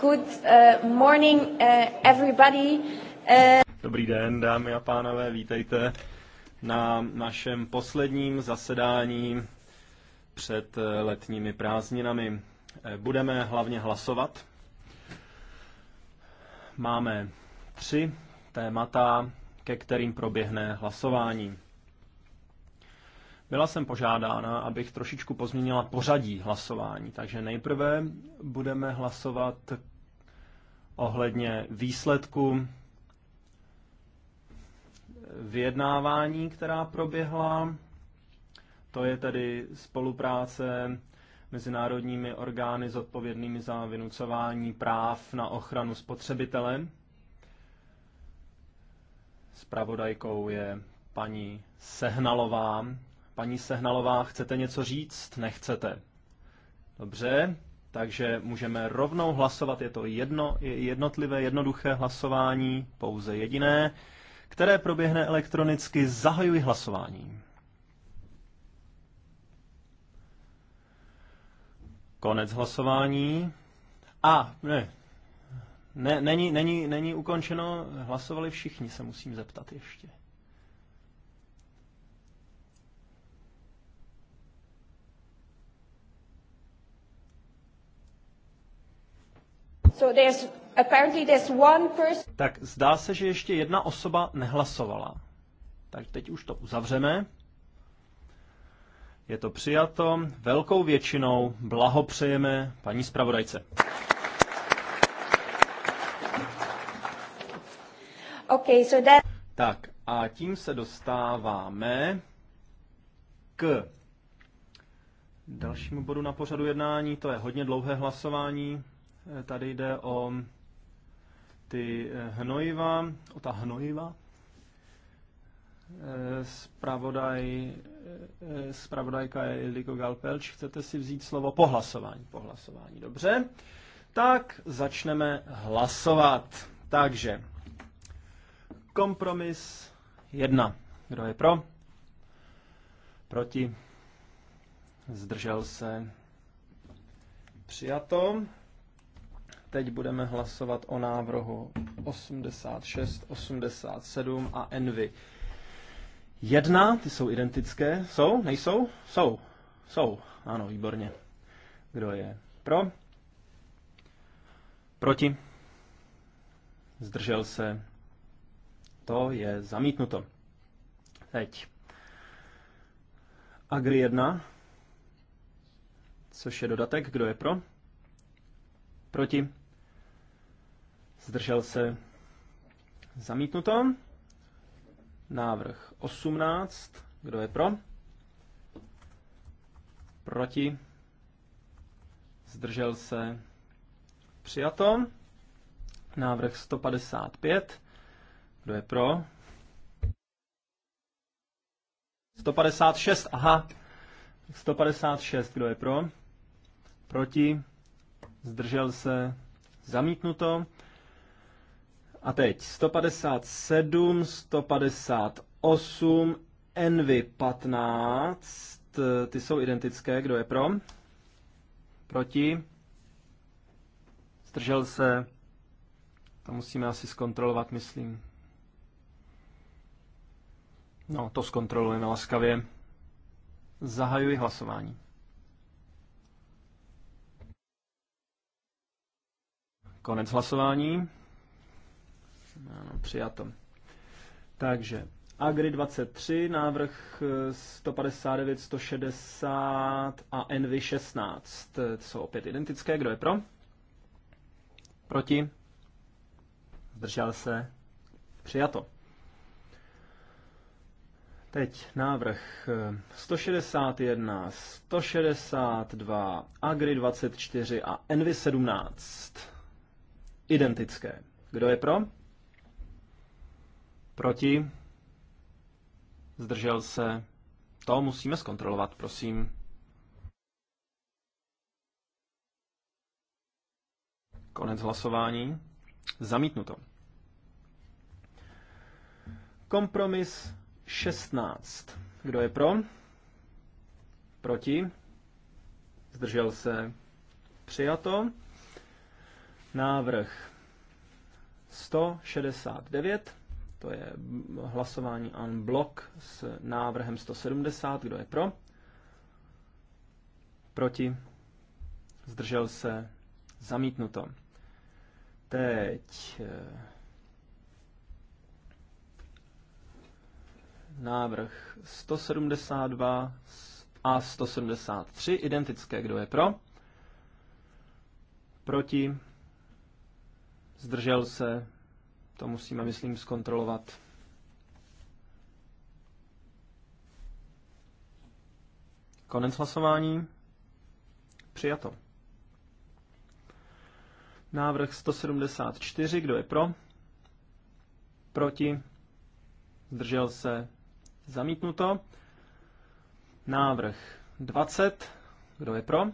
Good uh, morning, uh, everybody. Uh, Dobrý den, dámy a pánové, vítejte na našem posledním zasedání před eh, letními prázdninami. Eh, budeme hlavně hlasovat. Máme tři témata, ke kterým proběhne hlasování. Byla jsem požádána, abych trošičku pozměnila pořadí hlasování, takže nejprve budeme hlasovat ohledně výsledku vyjednávání, která proběhla. To je tedy spolupráce mezinárodními orgány zodpovědnými za vynucování práv na ochranu spotřebitele. Spravodajkou je paní Sehnalová. Paní Sehnalová, chcete něco říct? Nechcete. Dobře, takže můžeme rovnou hlasovat, je to jedno, jednotlivé, jednoduché hlasování, pouze jediné, které proběhne elektronicky. Zahajuji hlasování. Konec hlasování. A, ne, ne není, není, není ukončeno, hlasovali všichni, se musím zeptat ještě. So there's, apparently there's one person... Tak zdá se, že ještě jedna osoba nehlasovala. Tak teď už to uzavřeme. Je to přijato velkou většinou. Blahopřejeme paní zpravodajce. Okay, so that... Tak a tím se dostáváme k dalšímu bodu na pořadu jednání. To je hodně dlouhé hlasování. Eh, tady jde o ty eh, hnojiva, o ta hnojiva. Spravodaj, eh, spravodajka je Iliko Galpelč. Chcete si vzít slovo po hlasování? Po hlasování, dobře. Tak začneme hlasovat. Takže kompromis jedna. Kdo je pro? Proti? Zdržel se? Přijato. Teď budeme hlasovat o návrhu 86, 87 a Envy. Jedna, ty jsou identické. Jsou? Nejsou? Jsou. Jsou. Ano, výborně. Kdo je pro? Proti? Zdržel se. To je zamítnuto. Teď. Agri 1, což je dodatek. Kdo je pro? Proti? zdržel se, zamítnuto. Návrh 18, kdo je pro? Proti, zdržel se, přijato. Návrh 155, kdo je pro? 156, aha. 156, kdo je pro? Proti? Zdržel se? Zamítnuto. A teď 157, 158, Envy 15, ty jsou identické, kdo je pro? Proti? Zdržel se? To musíme asi zkontrolovat, myslím. No, to zkontrolujeme laskavě. Zahajuji hlasování. Konec hlasování. Ano, přijato. Takže Agri 23, návrh 159, eh, 160 a Envy 16 eh, jsou opět identické. Kdo je pro? Proti? Zdržel se? Přijato. Teď návrh 161, eh, 162, Agri 24 a Envy 17. Identické. Kdo je pro? Proti? Zdržel se? To musíme zkontrolovat, prosím. Konec hlasování. Zamítnuto. Kompromis 16. Kdo je pro? Proti? Zdržel se? Přijato. Návrh 169. To je hlasování on blok s návrhem 170. Kdo je pro? Proti? Zdržel se? Zamítnuto. Teď eh, návrh 172 a 173, identické, kdo je pro, proti, zdržel se, to musíme, myslím, zkontrolovat. Konec hlasování. Přijato. Návrh 174, kdo je pro? Proti? Zdržel se? Zamítnuto. Návrh 20, kdo je pro?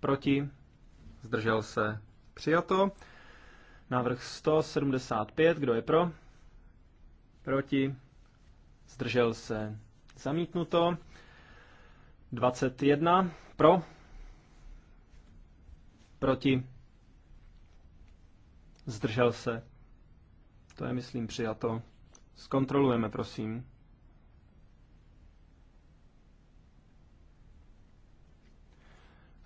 Proti? Zdržel se? Přijato. Návrh 175, kdo je pro? Proti? Zdržel se. Zamítnuto. 21 pro? Proti? Zdržel se. To je, myslím, přijato. Zkontrolujeme, prosím.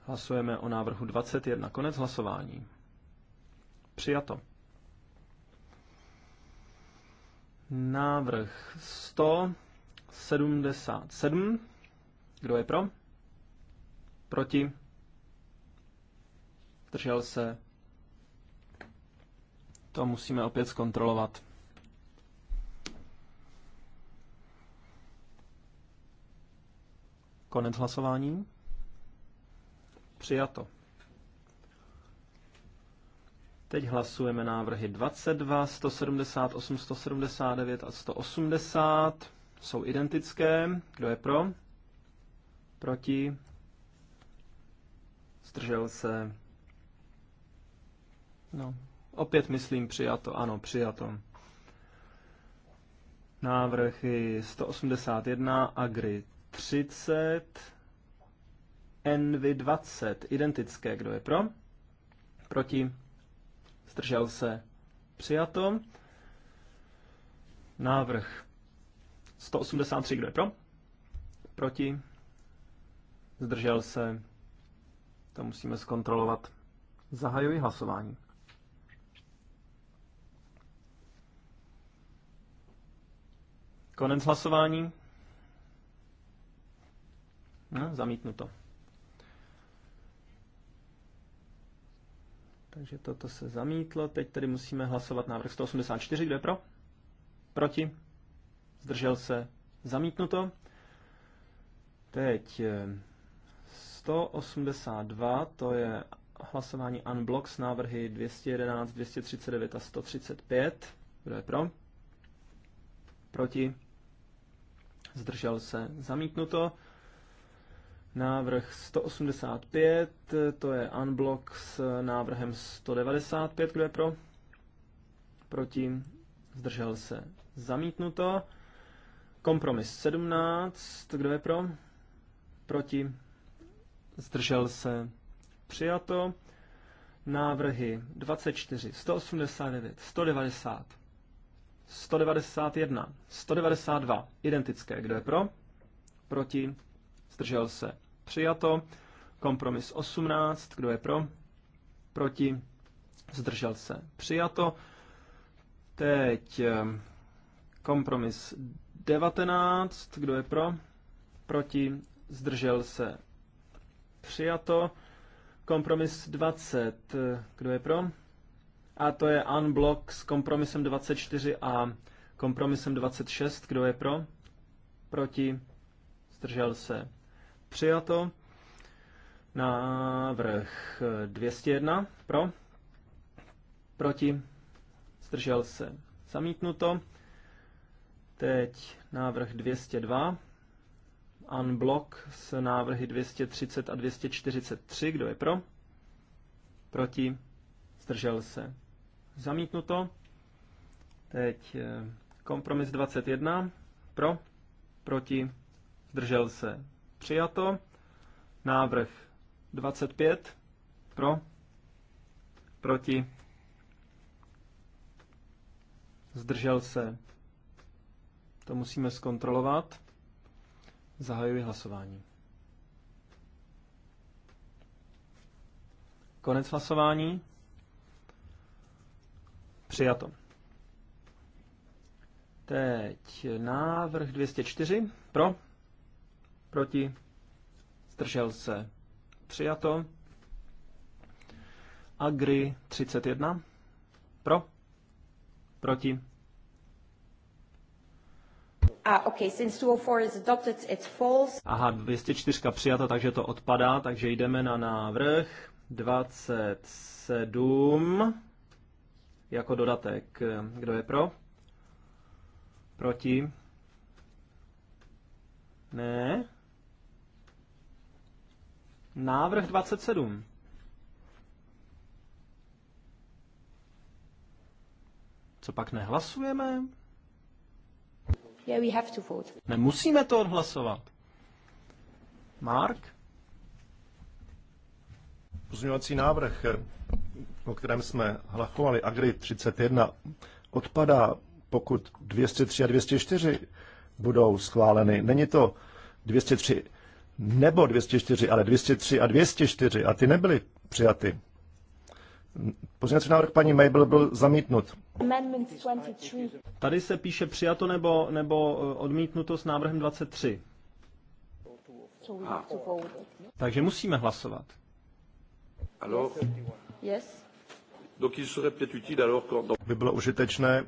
Hlasujeme o návrhu 21. Konec hlasování. Přijato. Návrh 177. Kdo je pro? Proti? Držel se? To musíme opět zkontrolovat. Konec hlasování. Přijato. Teď hlasujeme návrhy 22, 178, 179 a 180. Jsou identické. Kdo je pro? Proti? Zdržel se? No, opět myslím přijato. Ano, přijato. Návrhy 181, Agri 30, Envy 20. Identické. Kdo je pro? Proti? zdržel se, přijato. Návrh 183, kdo je pro? Proti, zdržel se, to musíme zkontrolovat. Zahajuji hlasování. Konec hlasování. No, zamítnuto. Takže toto se zamítlo. Teď tedy musíme hlasovat návrh 184. Kdo je pro? Proti? Zdržel se? Zamítnuto. Teď 182, eh, to je hlasování unblock s návrhy 211, 239 a 135. Kdo je pro? Proti? Zdržel se? Zamítnuto. Návrh 185, to je unblock s návrhem 195, kdo je pro? Proti, zdržel se, zamítnuto. Kompromis 17, kdo je pro? Proti, zdržel se, přijato. Návrhy 24, 189, 190, 191, 192, identické, kdo je pro? Proti, zdržel se, Přijato. Kompromis 18. Kdo je pro? Proti? Zdržel se. Přijato. Teď ehm, kompromis 19. Kdo je pro? Proti? Zdržel se. Přijato. Kompromis 20. Kdo je pro? A to je unblock s kompromisem 24 a kompromisem 26. Kdo je pro? Proti? Zdržel se Přijato. Návrh 201 pro. Proti. Zdržel se. Zamítnuto. Teď návrh 202. Unblock s návrhy 230 a 243. Kdo je pro? Proti. Zdržel se. Zamítnuto. Teď eh, kompromis 21. Pro. Proti. Zdržel se. Přijato. Návrh 25. Pro. Proti. Zdržel se. To musíme zkontrolovat. Zahajuji hlasování. Konec hlasování. Přijato. Teď návrh 204. Pro proti, zdržel se, přijato. Agri 31, pro, proti. Ah, okay. Since 204 is adopted, it's false. Aha, 204 přijata, takže to odpadá, takže jdeme na návrh 27 jako dodatek. Kdo je pro? Proti? Ne. Návrh 27. Co pak nehlasujeme? Yeah, we have to vote. Nemusíme to odhlasovat. Mark? Pozměňovací návrh, o kterém jsme hlasovali, Agri 31, odpadá, pokud 203 a 204 budou schváleny. Není to 203 nebo 204, ale 203 a 204 a ty nebyly přijaty. Pozměňovací návrh paní Mabel byl zamítnut. Tady se píše přijato nebo, nebo eh, odmítnuto s návrhem 23. Ah. Takže musíme hlasovat. Alors, yes. By bylo užitečné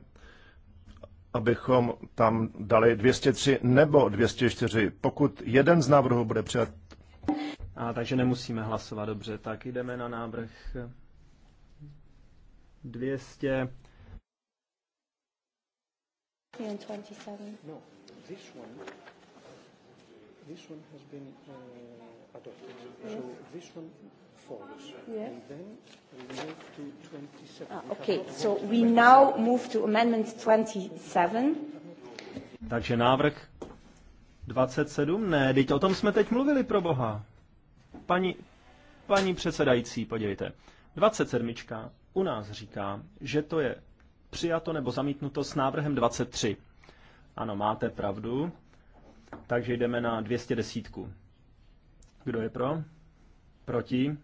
abychom tam dali 203 nebo 204, pokud jeden z návrhů bude přijat. A takže nemusíme hlasovat dobře, tak jdeme na návrh 200. 27. No, this one, this one has been, uh adopted. Yes. So this one falls. Yes. And then we move to 27. Ah, okay, so we now move to amendment 27. Takže návrh 27? Ne, teď o tom jsme teď mluvili, pro boha. Paní, paní předsedající, podívejte. 27. u nás říká, že to je přijato nebo zamítnuto s návrhem 23. Ano, máte pravdu. Takže jdeme na 210. Kdo je pro? Proti?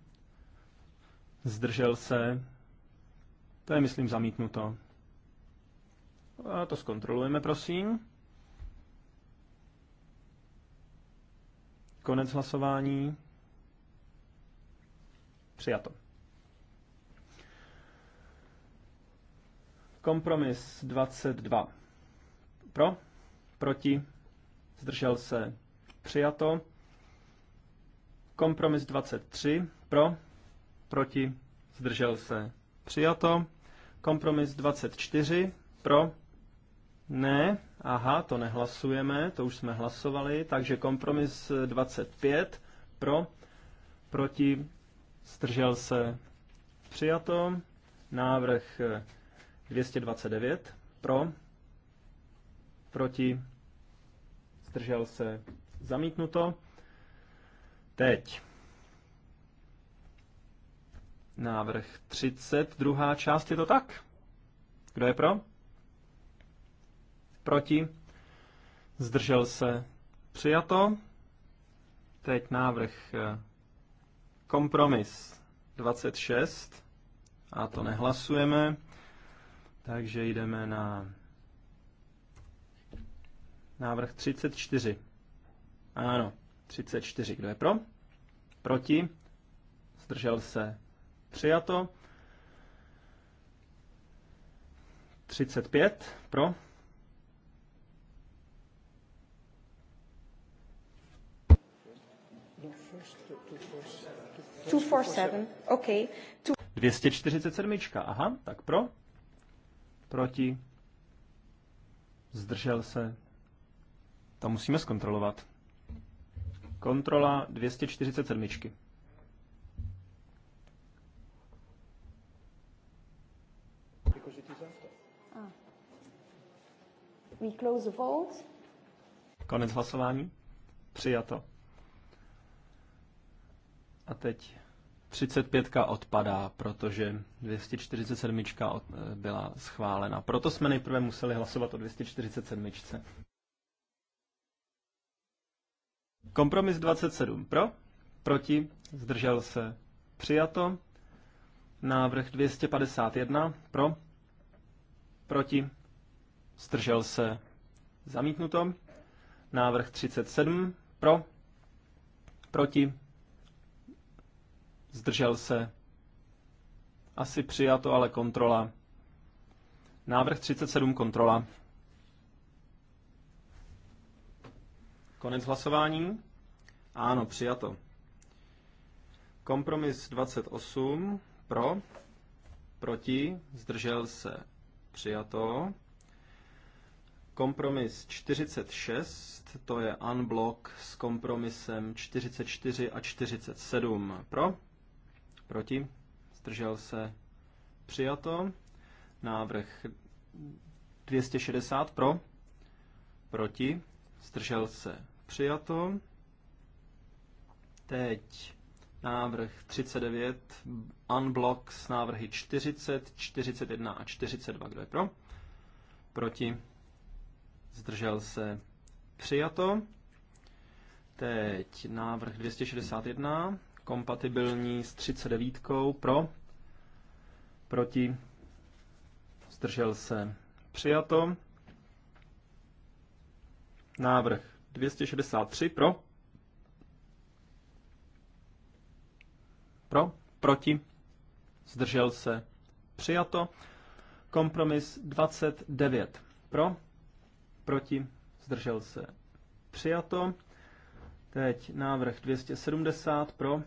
Zdržel se? To je, myslím, zamítnuto. A to zkontrolujeme, prosím. Konec hlasování. Přijato. Kompromis 22. Pro? Proti? Zdržel se? Přijato. Kompromis 23 pro, proti, zdržel se. Přijato. Kompromis 24 pro, ne, aha, to nehlasujeme, to už jsme hlasovali, takže kompromis 25 pro, proti, zdržel se. Přijato. Návrh 229 pro, proti, zdržel se. Zamítnuto. Teď. Návrh 30, druhá část, je to tak? Kdo je pro? Proti? Zdržel se? Přijato. Teď návrh eh, kompromis 26. A to nehlasujeme. Takže jdeme na návrh 34. Ano, 34. Kdo je pro? Proti? Zdržel se. Přijato. 35 pro. Two four seven. Okay. 247. Aha, tak pro. Proti. Zdržel se. To musíme zkontrolovat. Kontrola 247. Ah. We close the vote. Konec hlasování. Přijato. A teď 35 odpadá, protože 247 eh, byla schválena. Proto jsme nejprve museli hlasovat o 247. Kompromis 27 pro, proti, zdržel se, přijato. Návrh 251 pro, proti, zdržel se, zamítnuto. Návrh 37 pro, proti, zdržel se, asi přijato, ale kontrola. Návrh 37 kontrola. Konec hlasování. Ano, přijato. Kompromis 28 pro, proti, zdržel se, přijato. Kompromis 46, to je unblock s kompromisem 44 a 47 pro, proti, zdržel se, přijato. Návrh 260 pro, proti, zdržel se, Přijato. Teď návrh 39, unblock s návrhy 40, 41 a 42. Kdo je pro? Proti? Zdržel se? Přijato. Teď návrh 261, kompatibilní s 39. Pro? Proti? Zdržel se? Přijato. Návrh 263 pro. Pro, proti, zdržel se, přijato. Kompromis 29 pro, proti, zdržel se, přijato. Teď návrh 270 pro,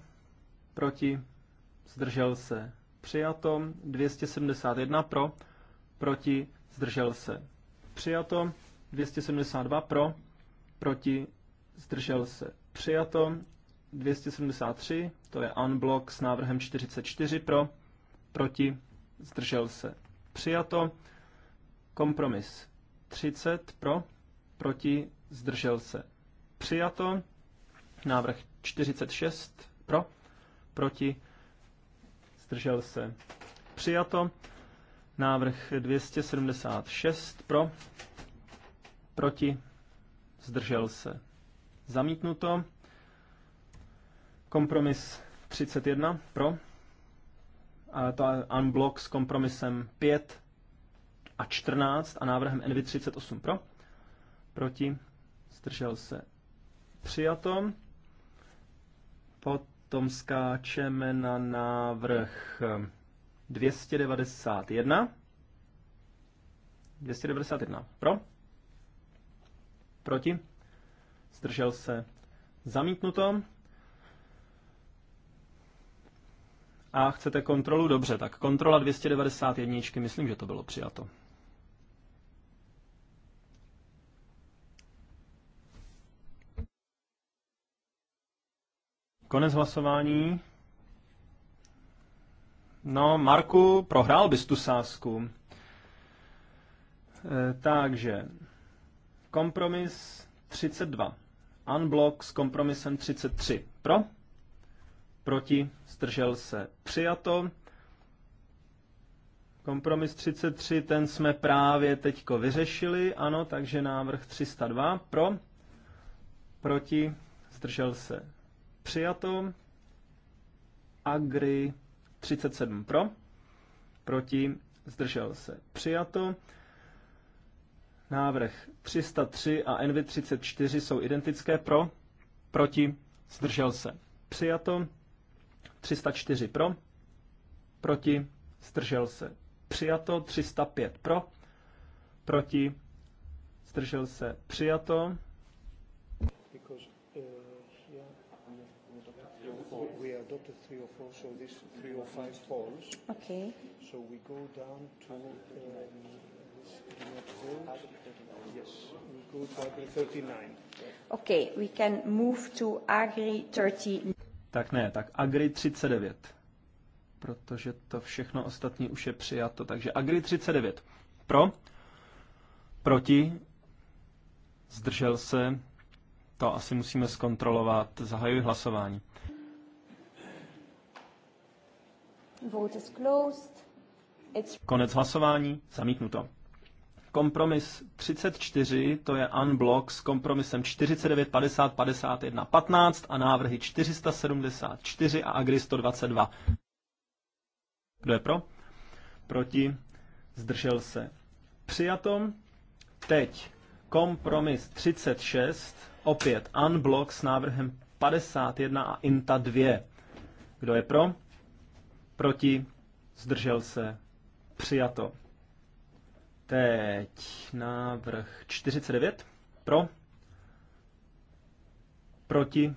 proti, zdržel se, přijato. 271 pro, proti, zdržel se, přijato. 272 pro, proti, zdržel se přijato, 273, to je unblock s návrhem 44 pro, proti, zdržel se přijato, kompromis 30 pro, proti, zdržel se přijato, návrh 46 pro, proti, zdržel se přijato, návrh 276 pro, proti, zdržel se. Zamítnuto. Kompromis 31 pro. A to unblock s kompromisem 5 a 14 a návrhem NV 38 pro. Proti zdržel se. Přijato. Potom skáčeme na návrh 291. Eh, 291 pro Proti? Zdržel se. Zamítnuto. A chcete kontrolu? Dobře, tak kontrola 291, myslím, že to bylo přijato. Konec hlasování. No, Marku, prohrál bys tu sásku. E, takže Kompromis 32. Unblock s kompromisem 33. Pro? Proti? Zdržel se? Přijato. Kompromis 33, ten jsme právě teďko vyřešili, ano, takže návrh 302 pro, proti, zdržel se, přijato, agri 37 pro, proti, zdržel se, přijato, Návrh 303 a NV 34 jsou identické pro, proti, zdržel se. Přijato. 304 pro, proti, zdržel se. Přijato. 305 pro, proti, zdržel se. Přijato. Uh, we adopted 304, so this 305 falls. Okay. So we go down to um, 39. Okay, we can move to Agri 39. Tak ne, tak Agri 39. Protože to všechno ostatní už je přijato. Takže Agri 39. Pro? Proti? Zdržel se? To asi musíme zkontrolovat. Zahajuji hlasování. Vote is closed. It's... Konec hlasování. Zamítnuto. Kompromis 34, to je unblock s kompromisem 49, 50, 51, 15 a návrhy 474 a Agri 122. Kdo je pro? Proti? Zdržel se. Přijatom. Teď kompromis 36, opět unblock s návrhem 51 a INTA 2. Kdo je pro? Proti? Zdržel se. Přijato. Teď návrh 49. Pro. Proti.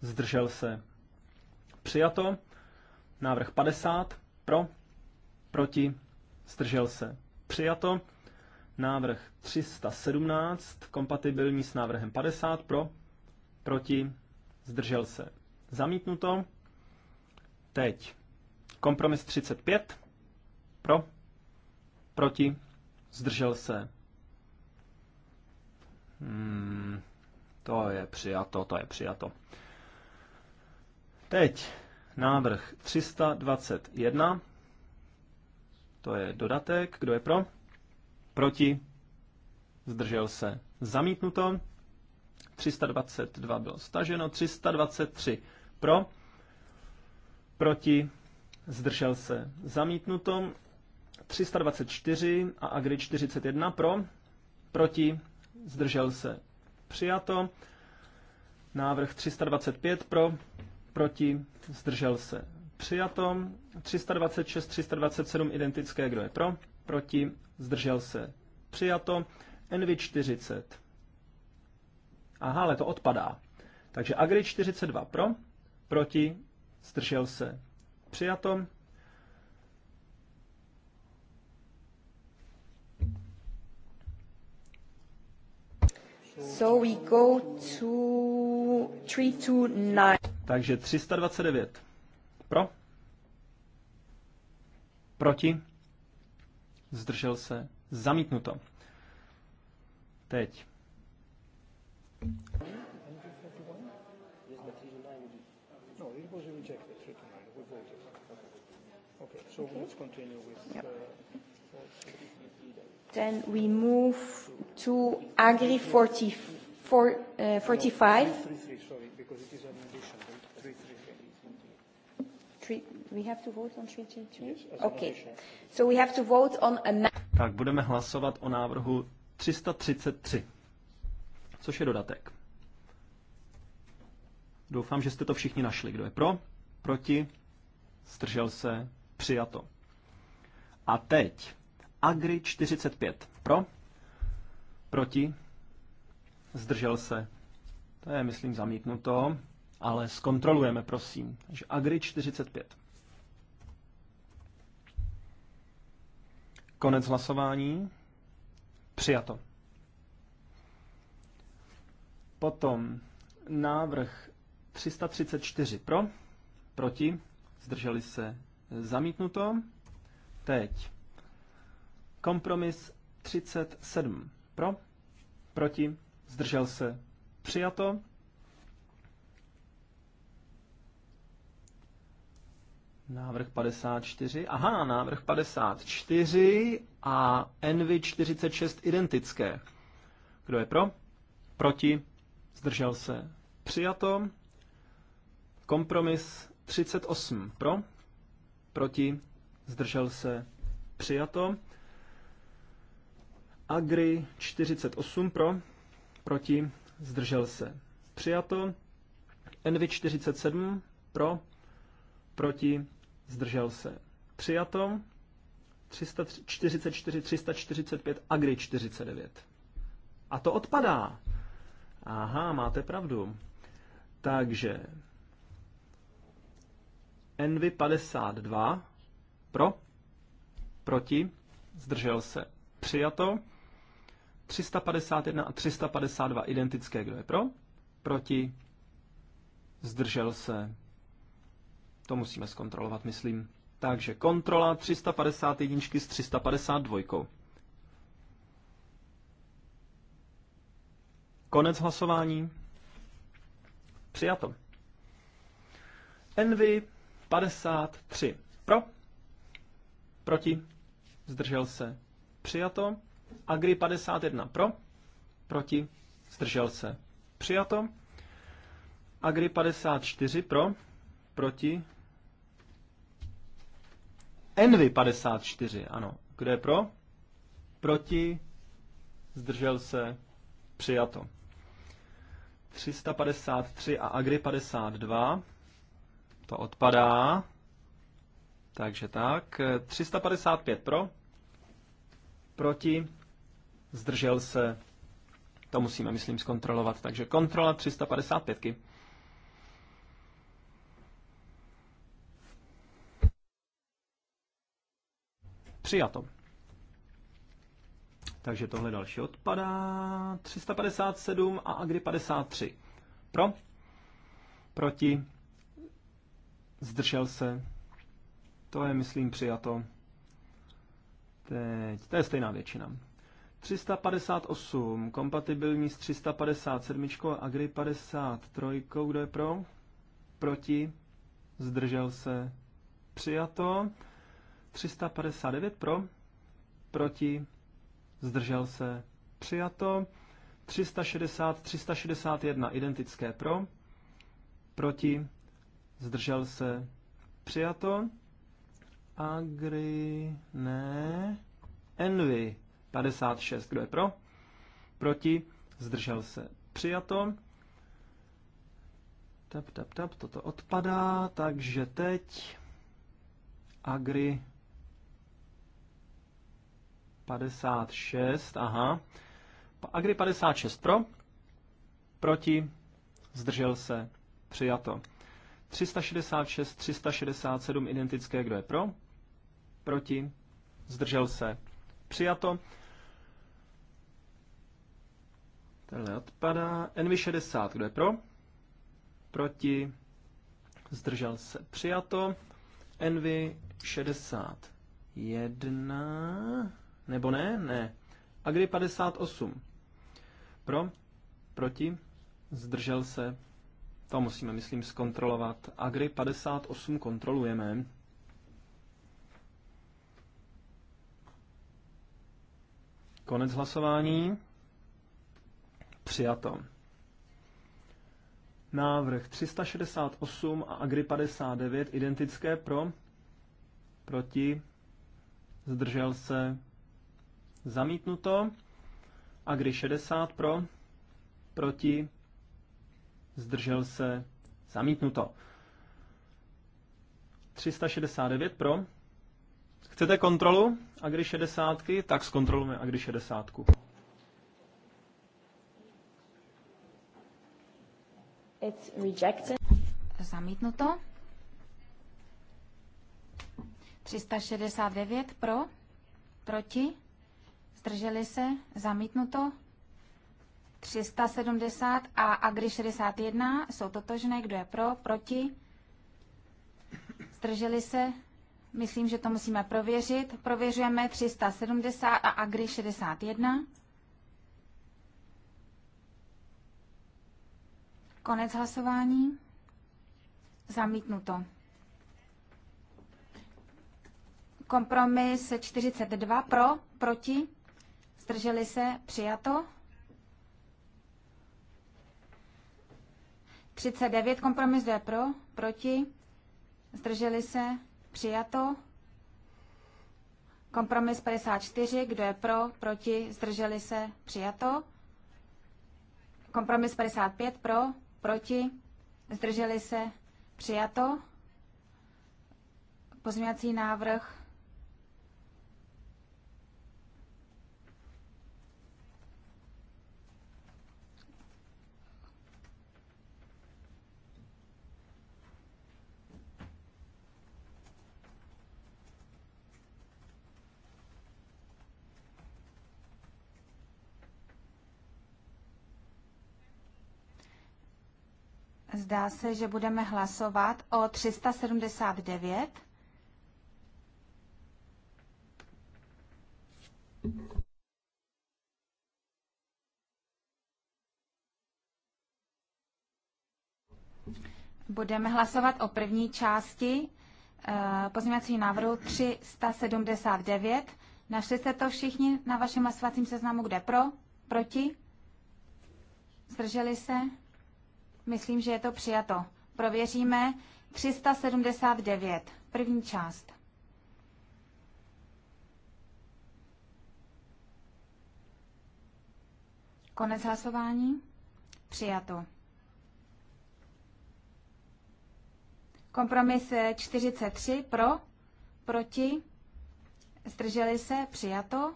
Zdržel se. Přijato. Návrh 50. Pro. Proti. Zdržel se. Přijato. Návrh 317. Kompatibilní s návrhem 50. Pro. Proti. Zdržel se. Zamítnuto. Teď. Kompromis 35. Pro Proti? Zdržel se? Hmm, to je přijato, to je přijato. Teď návrh 321. To je dodatek. Kdo je pro? Proti? Zdržel se? Zamítnuto. 322 bylo staženo. 323 pro? Proti? Zdržel se? Zamítnuto. 324 a Agri 41 pro, proti, zdržel se, přijato. Návrh 325 pro, proti, zdržel se, přijato. 326, 327 identické, kdo je pro, proti, zdržel se, přijato. Envy 40. Aha, ale to odpadá. Takže Agri 42 pro, proti, zdržel se, přijato. So we go to 329. Takže 329. Pro? Proti? Zdržel se? Zamítnuto. Teď. No, okay, Then we move to Agri 40, uh, 45. No, three, three, sorry, because it is an addition. Three, three, we have to vote on 333? Yes, okay. So we have to vote on a... Tak budeme hlasovat o návrhu 333, což je dodatek. Doufám, že jste to všichni našli. Kdo je pro? Proti? Stržel se? Přijato. A teď Agri 45. Pro? Proti? Zdržel se. To je, myslím, zamítnuto, ale zkontrolujeme, prosím. Takže Agri 45. Konec hlasování. Přijato. Potom návrh 334 pro, proti, zdrželi se zamítnuto. Teď Kompromis 37 pro, proti, zdržel se, přijato. Návrh 54. Aha, návrh 54 a Envy 46 identické. Kdo je pro? Proti? Zdržel se? Přijato. Kompromis 38 pro? Proti? Zdržel se? Přijato. Agri 48 pro, proti, zdržel se. Přijato. Envy 47 pro, proti, zdržel se. Přijato. 344, 345, Agri 49. A to odpadá. Aha, máte pravdu. Takže Envy 52 pro, proti, zdržel se. Přijato. 351 a 352 identické, kdo je pro, proti, zdržel se. To musíme zkontrolovat, myslím. Takže kontrola 351 s 352. Konec hlasování. Přijato. Envy 53. Pro. Proti. Zdržel se. Přijato. Agri 51 pro, proti, zdržel se. Přijato. Agri 54 pro, proti. Envy 54, ano. Kdo je pro? Proti, zdržel se, přijato. 353 a Agri 52, to odpadá. Takže tak, 355 pro, proti, zdržel se, to musíme, myslím, zkontrolovat. Takže kontrola 355. -ky. Přijato. Takže tohle další odpadá. 357 a Agri 53. Pro? Proti? Zdržel se? To je, myslím, přijato. Teď, to je stejná většina. 358, kompatibilní s 357 a Agri 53, kdo je pro? Proti? Zdržel se? Přijato. 359 pro? Proti? Zdržel se? Přijato. 360, 361 identické pro? Proti? Zdržel se? Přijato. Agri... ne... Envy 56. Kdo je pro? Proti? Zdržel se. Přijato. Tap, tap, tap. Toto odpadá. Takže teď Agri 56. Aha. Agri 56 pro. Proti? Zdržel se. Přijato. 366, 367 identické. Kdo je pro? Proti? Zdržel se. Přijato. Tenhle odpadá. NV60, kdo je pro? Proti. Zdržel se. Přijato. NV61. Nebo ne? Ne. Agri 58? Pro? Proti? Zdržel se. To musíme, myslím, zkontrolovat. Agri 58 kontrolujeme. Konec hlasování. Přijato. Návrh 368 a Agri 59 identické pro, proti, zdržel se, zamítnuto. Agri 60 pro, proti, zdržel se, zamítnuto. 369 pro. Chcete kontrolu Agri 60? Tak zkontrolujeme Agri 60. It's rejected. Zamítnuto. 369 pro, proti, zdrželi se, zamítnuto. 370 a Agri 61 jsou totožné, kdo je pro, proti, zdrželi se, myslím, že to musíme prověřit. Prověřujeme 370 a Agri 61. Konec hlasování. Zamítnuto. Kompromis 42 pro, proti, zdrželi se, přijato. 39 kompromis D pro, proti, zdrželi se, přijato. Kompromis 54, kdo je pro, proti, zdrželi se, přijato. Kompromis 55 pro, proti, zdrželi se, přijato. Pozměňovací návrh Zdá se, že budeme hlasovat o 379. Budeme hlasovat o první části eh, pozměňovací návrhu 379. Našli jste to všichni na vašem hlasovacím seznamu, kde pro, proti, zdrželi se? Myslím, že je to přijato. Prověříme 379, první část. Konec hlasování. Přijato. Kompromis 43 eh, pro, proti, zdrželi se, přijato.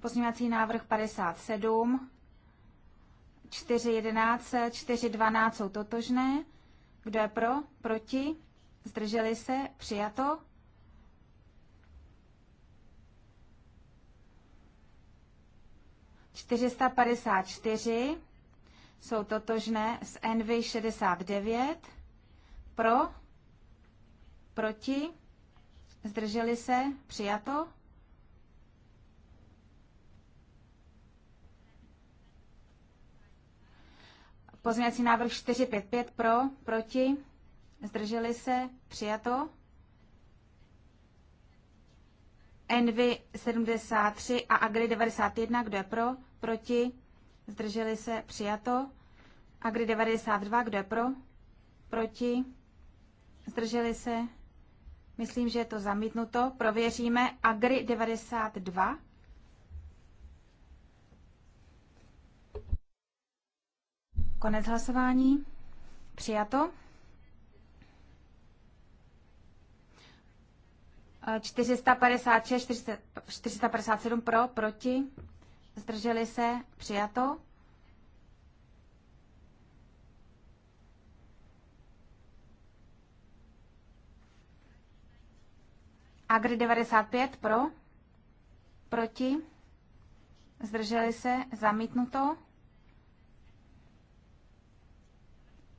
Pozměňovací návrh 57, 411, 412 jsou totožné. Kdo je pro? Proti? Zdrželi se? Přijato? 454 jsou totožné s NV 69. Pro? Proti? Zdrželi se? Přijato? Pozměňovací návrh 455 pro, proti, zdrželi se, přijato. Envy 73 a Agri 91, kdo je pro, proti, zdrželi se, přijato. Agri 92, kdo je pro, proti, zdrželi se, myslím, že je to zamítnuto. Prověříme Agri 92. Konec hlasování. Přijato. 456, eh, 457 pro, proti, zdrželi se, přijato. Agri 95 pro, proti, zdrželi se, zamítnuto.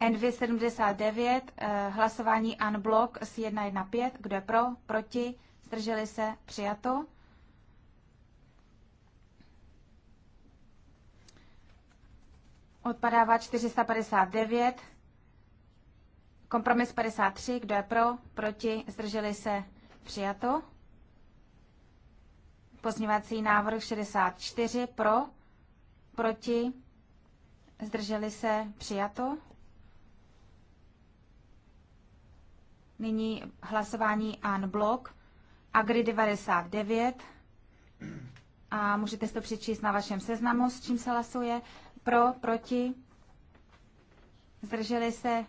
NV79, eh, hlasování unblock s 115, kdo je pro, proti, zdrželi se, přijato. Odpadává 459, kompromis 53, kdo je pro, proti, zdrželi se, přijato. Pozměvací návrh 64, pro, proti, zdrželi se, přijato. Nyní hlasování an blok Agri 99 a můžete si to přečíst na vašem seznamu, s čím se hlasuje. Pro, proti, zdrželi se,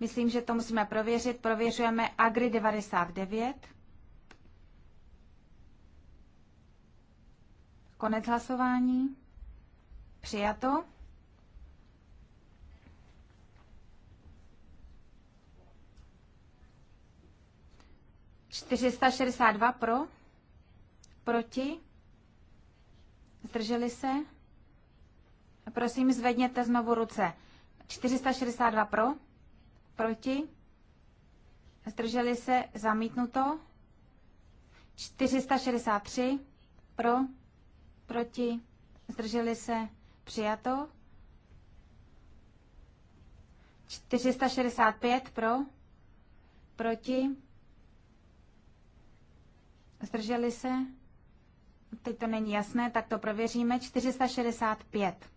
myslím, že to musíme prověřit. Prověřujeme Agri 99. Konec hlasování. Přijato. 462 pro, proti, zdrželi se. Prosím, zvedněte znovu ruce. 462 pro, proti, zdrželi se, zamítnuto. 463 pro, proti, zdrželi se, přijato. 465 pro, proti, Zdrželi se? Teď to není jasné, tak to prověříme. 465.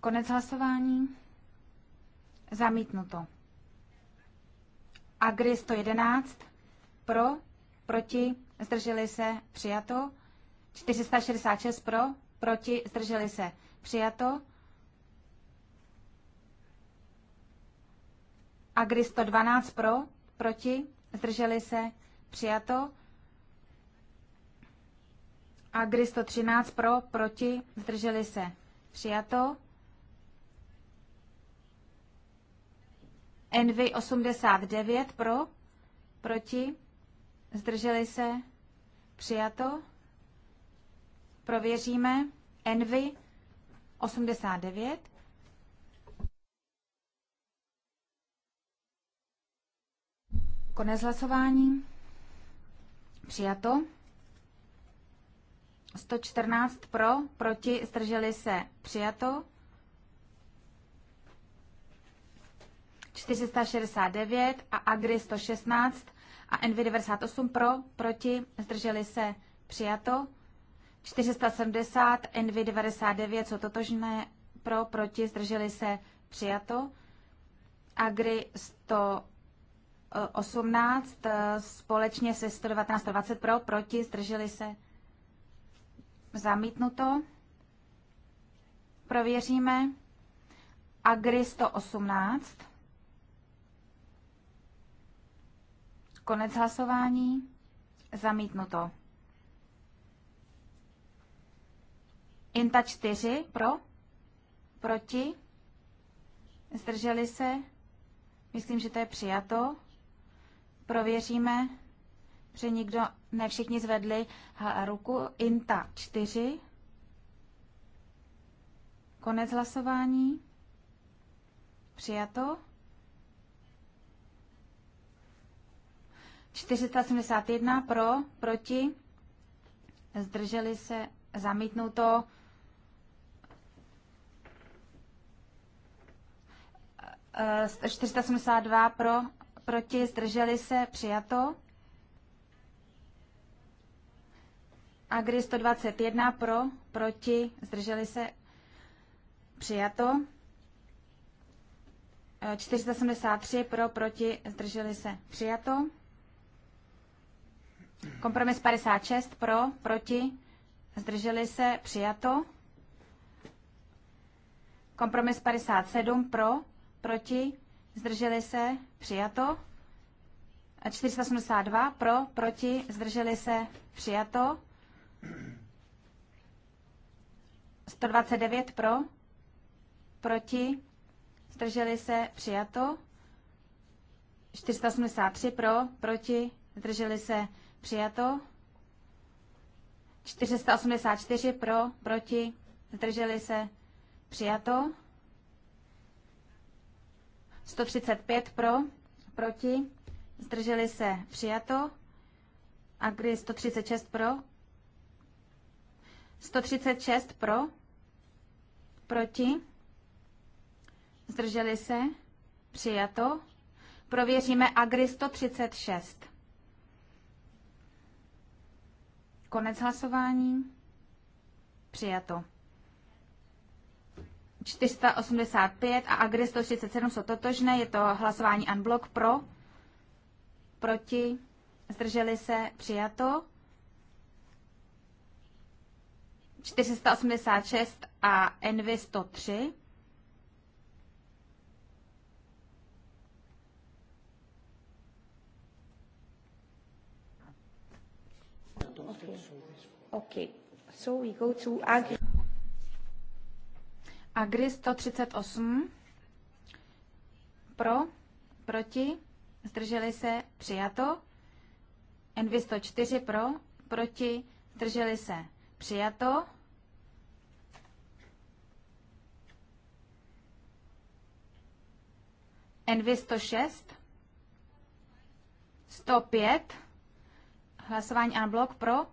Konec hlasování. Zamítnuto. Agri 111. Pro, proti, zdrželi se, přijato. 466 pro, proti, zdrželi se, přijato. Agri 112 pro, proti, zdrželi se, přijato. Agri 113 pro, proti, zdrželi se, přijato. Envy 89 pro, proti, zdrželi se, přijato. Prověříme. Envy 89. Konec hlasování. Přijato. 114 pro, proti, zdrželi se. Přijato. 469 a Agri 116 a Envy 98 pro, proti, zdrželi se. Přijato. 470, Envy 99 co totožné pro, proti, zdrželi se. Přijato. Agri 100 18 eh, společně se 119 20 pro, proti, zdrželi se zamítnuto. Prověříme Agri 118. Konec hlasování. Zamítnuto. Inta 4 pro, proti, zdrželi se, myslím, že to je přijato. Prověříme, že nikdo, ne všichni zvedli ruku. Inta 4. Konec hlasování. Přijato. 471 pro, proti, zdrželi se, zamítnuto. Uh, e, 472 e, pro, proti, zdrželi se, přijato. Agri 121 pro, proti, zdrželi se, přijato. 473 eh, pro, proti, zdrželi se, přijato. Kompromis 56 pro, proti, zdrželi se, přijato. Kompromis 57 pro, proti, zdrželi se, přijato. 482 pro, proti, zdrželi se, přijato. 129 pro, proti, zdrželi se, přijato. 483 pro, proti, zdrželi se, přijato. 484 pro, proti, zdrželi se, přijato. 135 pro, proti, zdrželi se přijato. Agri 136 pro, 136 pro, proti, zdrželi se přijato. Prověříme Agri 136. Konec hlasování. Přijato. 485 a Agri 137 jsou totožné. Je to hlasování unblock pro, proti, zdrželi se, přijato. 486 a Envy 103. Okay. okay. So we go to Agri. Agri 138. Pro, proti, zdrželi se, přijato. Envy 104 pro, proti, zdrželi se, přijato. Envy 106, 105, hlasování blok pro,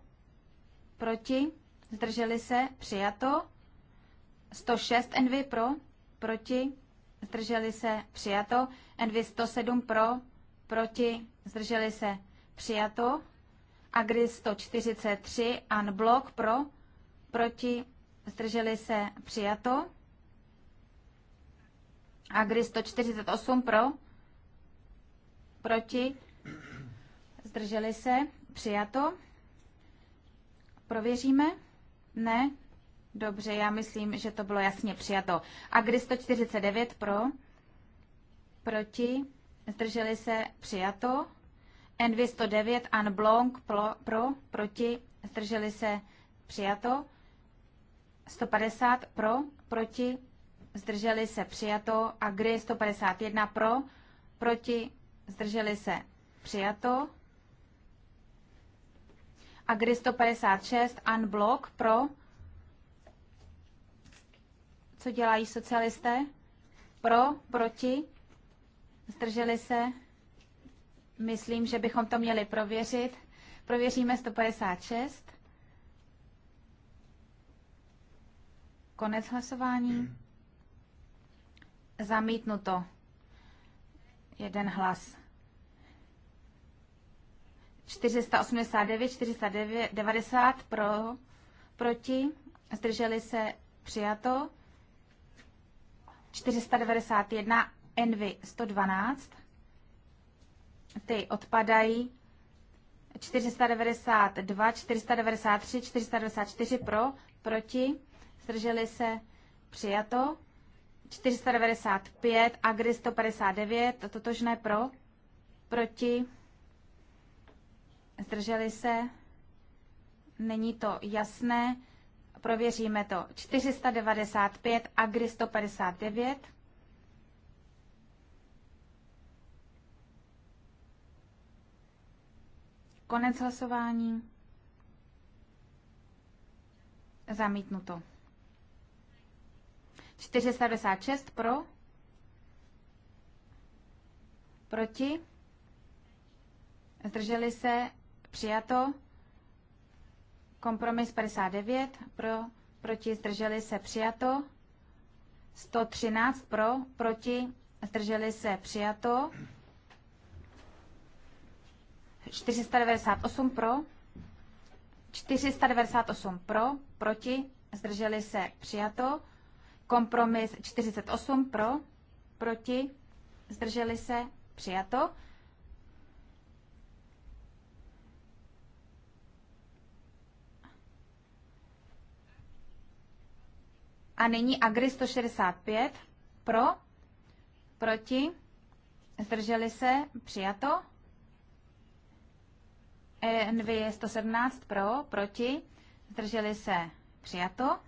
proti, zdrželi se, přijato. 106 NV pro, proti, zdrželi se, přijato. NV 107 pro, proti, zdrželi se, přijato. Agri 143 unblock pro, proti, zdrželi se, přijato. Agri 148 pro, proti, zdrželi se, přijato. Prověříme? Ne, Dobře, já myslím, že to bylo jasně přijato. kdy 149 pro, proti, zdrželi se přijato. 209 109 Blanc pro, pro, proti, zdrželi se přijato. 150 pro, proti, zdrželi se přijato. kdy 151 pro, proti, zdrželi se přijato. kdy 156 Blanc pro, co dělají socialisté? Pro, proti, zdrželi se. Myslím, že bychom to měli prověřit. Prověříme 156. Konec hlasování. Zamítnuto. Jeden hlas. 489, 490 pro, proti, zdrželi se přijato. 491, Envy 112, ty odpadají 492, 493, 494 pro, proti, zdrželi se přijato, 495, Agri 159, totožné pro, proti, zdrželi se, není to jasné, prověříme to. 495 Agri 159. Konec hlasování. Zamítnuto. 496 pro. Proti. Zdrželi se. Přijato. Kompromis 59 pro, proti zdrželi se přijato. 113 pro, proti zdrželi se přijato. 498 pro, 498 pro, proti zdrželi se přijato. Kompromis 48 pro, proti zdrželi se přijato. A nyní Agri 165 pro, proti, zdrželi se, přijato. NV 117 pro, proti, zdrželi se, přijato.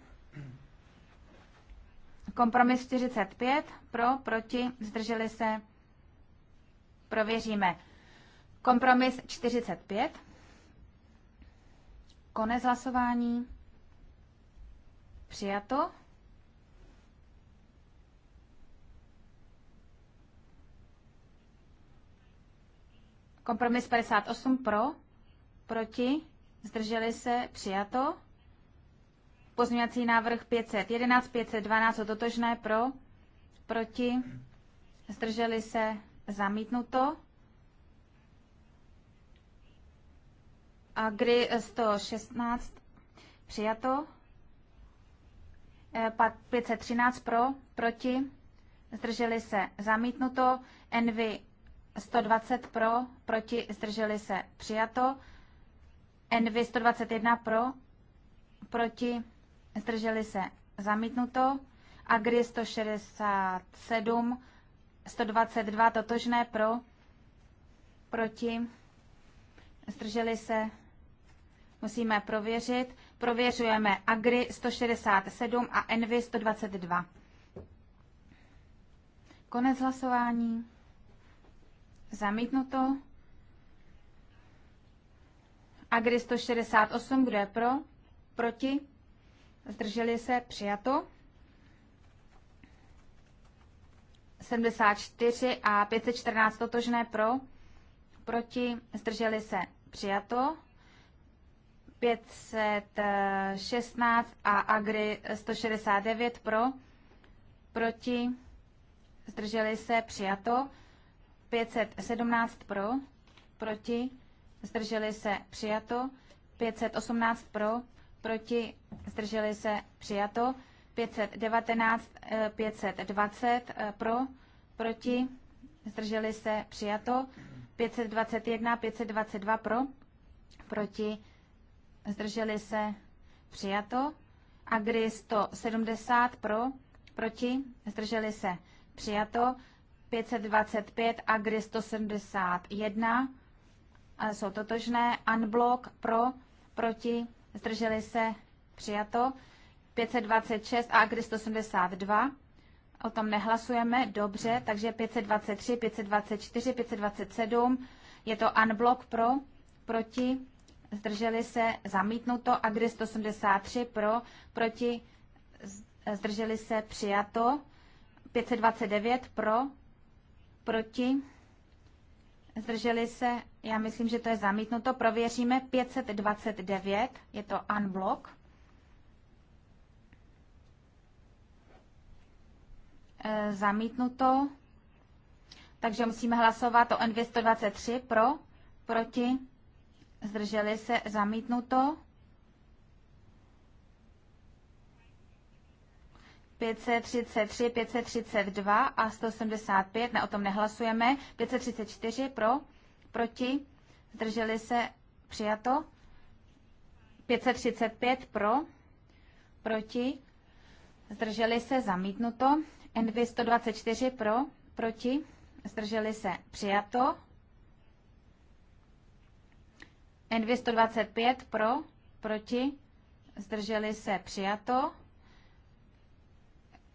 Kompromis 45 pro, proti, zdrželi se, prověříme. Kompromis 45. Konec hlasování. Přijato. Kompromis 58 pro, proti, zdrželi se, přijato. Pozměňovací návrh 511, 512, totožné pro, proti, zdrželi se, zamítnuto. A kdy 116 přijato, 513 eh, pro, proti, zdrželi se, zamítnuto. Envy 120 pro, proti, zdrželi se, přijato. Envy 121 pro, proti, zdrželi se, zamítnuto. Agri 167, 122 totožné pro, proti, zdrželi se, musíme prověřit. Prověřujeme Agri 167 a Envy 122. Konec hlasování. Zamítnuto. Agri 168, kdo je pro? Proti? Zdrželi se? Přijato. 74 a 514 totožné pro? Proti? Zdrželi se? Přijato. 516 a Agri 169 pro? Proti? Zdrželi se? Přijato. 517 pro, proti, zdrželi se přijato, 518 pro, proti, zdrželi se přijato, 519, 520 eh, eh, pro, proti, zdrželi se přijato, 521, 522 pro, proti, zdrželi se přijato, Agri 170 pro, proti, zdrželi se přijato, 525 a GRI 171 jsou totožné. Unblock pro, proti, zdrželi se, přijato. 526 a GRI 172. O tom nehlasujeme, dobře, takže 523, 524, 527. Je to unblock pro, proti, zdrželi se, zamítnuto. A GRI 183 pro, proti, zdrželi se, přijato. 529 pro, proti, zdrželi se, já myslím, že to je zamítnuto, prověříme 529, je to unblock. E, zamítnuto, takže musíme hlasovat o N223 pro, proti, zdrželi se, zamítnuto. 533, 532 a 185, ne o tom nehlasujeme. 534 pro, proti, zdrželi se, přijato. 535 pro, proti, zdrželi se, zamítnuto. NV 124 pro, proti, zdrželi se, přijato. NV 125 pro, proti, zdrželi se, přijato.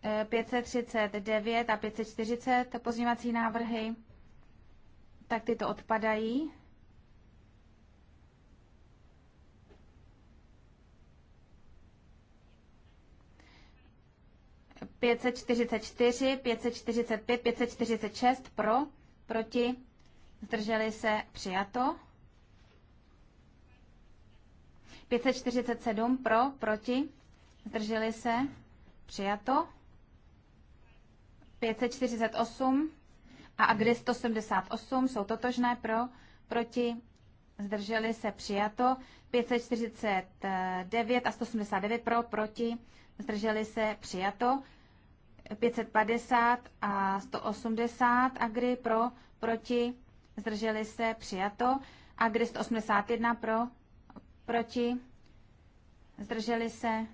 539 a 540 pozměňovací návrhy, tak tyto odpadají. Pětset čtyřicet čtyři, pětset čtyřicet pět, pětset čtyřicet šest pro, proti, zdrželi se, přijato. 547 pro, proti, zdrželi se, přijato. 548 a Agri 178 jsou totožné pro, proti, zdrželi se přijato, 549 a 189 pro, proti, zdrželi se přijato, 550 a 180 Agri pro, proti, zdrželi se přijato, Agri 181 pro, proti, zdrželi se,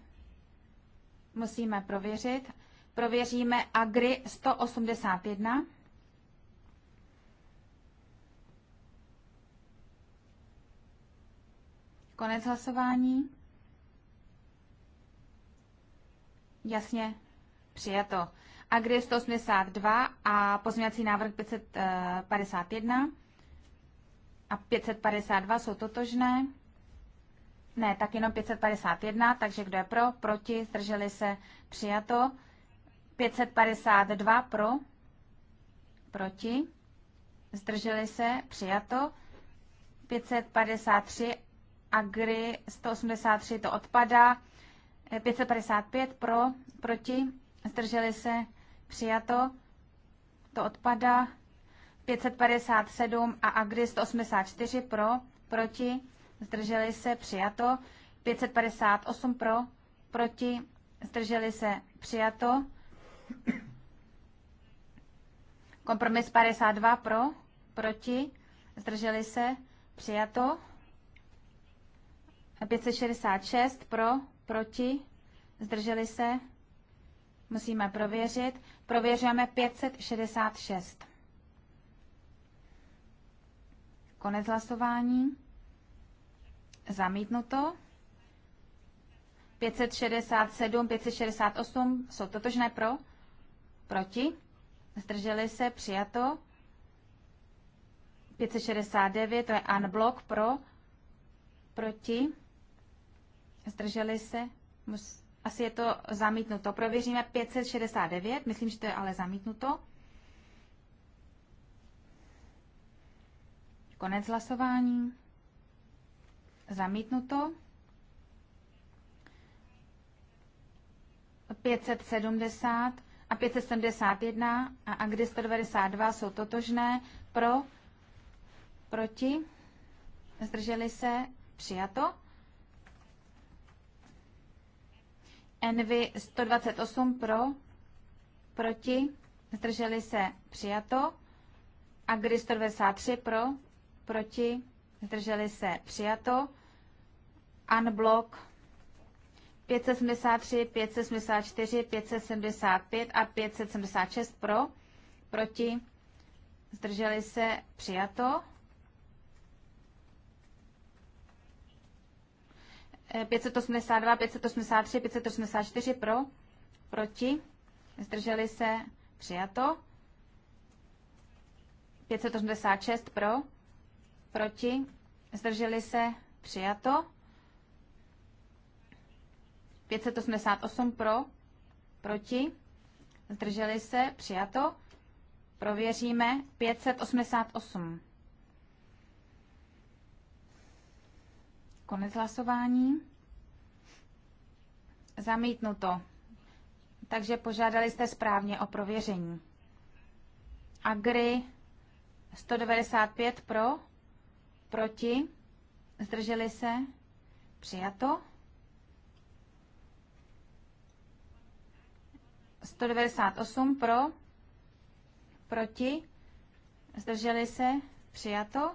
musíme prověřit. Prověříme Agri 181. Konec hlasování. Jasně, přijato. Agri 182 a pozměňovací návrh 551 a 552 jsou totožné. Ne, tak jenom 551, takže kdo je pro, proti, zdrželi se, přijato. 552 pro, proti, zdrželi se, přijato. 553 agri, 183 to odpadá. 555 pro, proti, zdrželi se, přijato, to odpadá. 557 a agri 184 pro, proti, zdrželi se, přijato. 558 pro, proti, zdrželi se, přijato. Kompromis 52 pro, proti, zdrželi se, přijato. 566 pro, proti, zdrželi se, musíme prověřit. Prověřujeme 566. Konec hlasování. Zamítnuto. 567, 568 jsou totožné pro, Proti? Zdrželi se? Přijato. 569, to je unblock pro. Proti? Zdrželi se? Mus, asi je to zamítnuto. Prověříme 569, myslím, že to je ale zamítnuto. Konec hlasování. Zamítnuto. 570 a 571 a Agdy 192 jsou totožné pro, proti, zdrželi se, přijato. Envy 128 pro, proti, zdrželi se, přijato. Agdy 193 pro, proti, zdrželi se, přijato. Unblock 573, 574, 575 a 576 pro, proti, zdrželi se, přijato. 582, 583, 584 pro, proti, zdrželi se, přijato. 586 pro, proti, zdrželi se, přijato. 588 pro, proti, zdrželi se, přijato. Prověříme 588. Konec hlasování. Zamítnuto. Takže požádali jste správně o prověření. Agri 195 pro, proti, zdrželi se, přijato. 198 pro, proti, zdrželi se, přijato.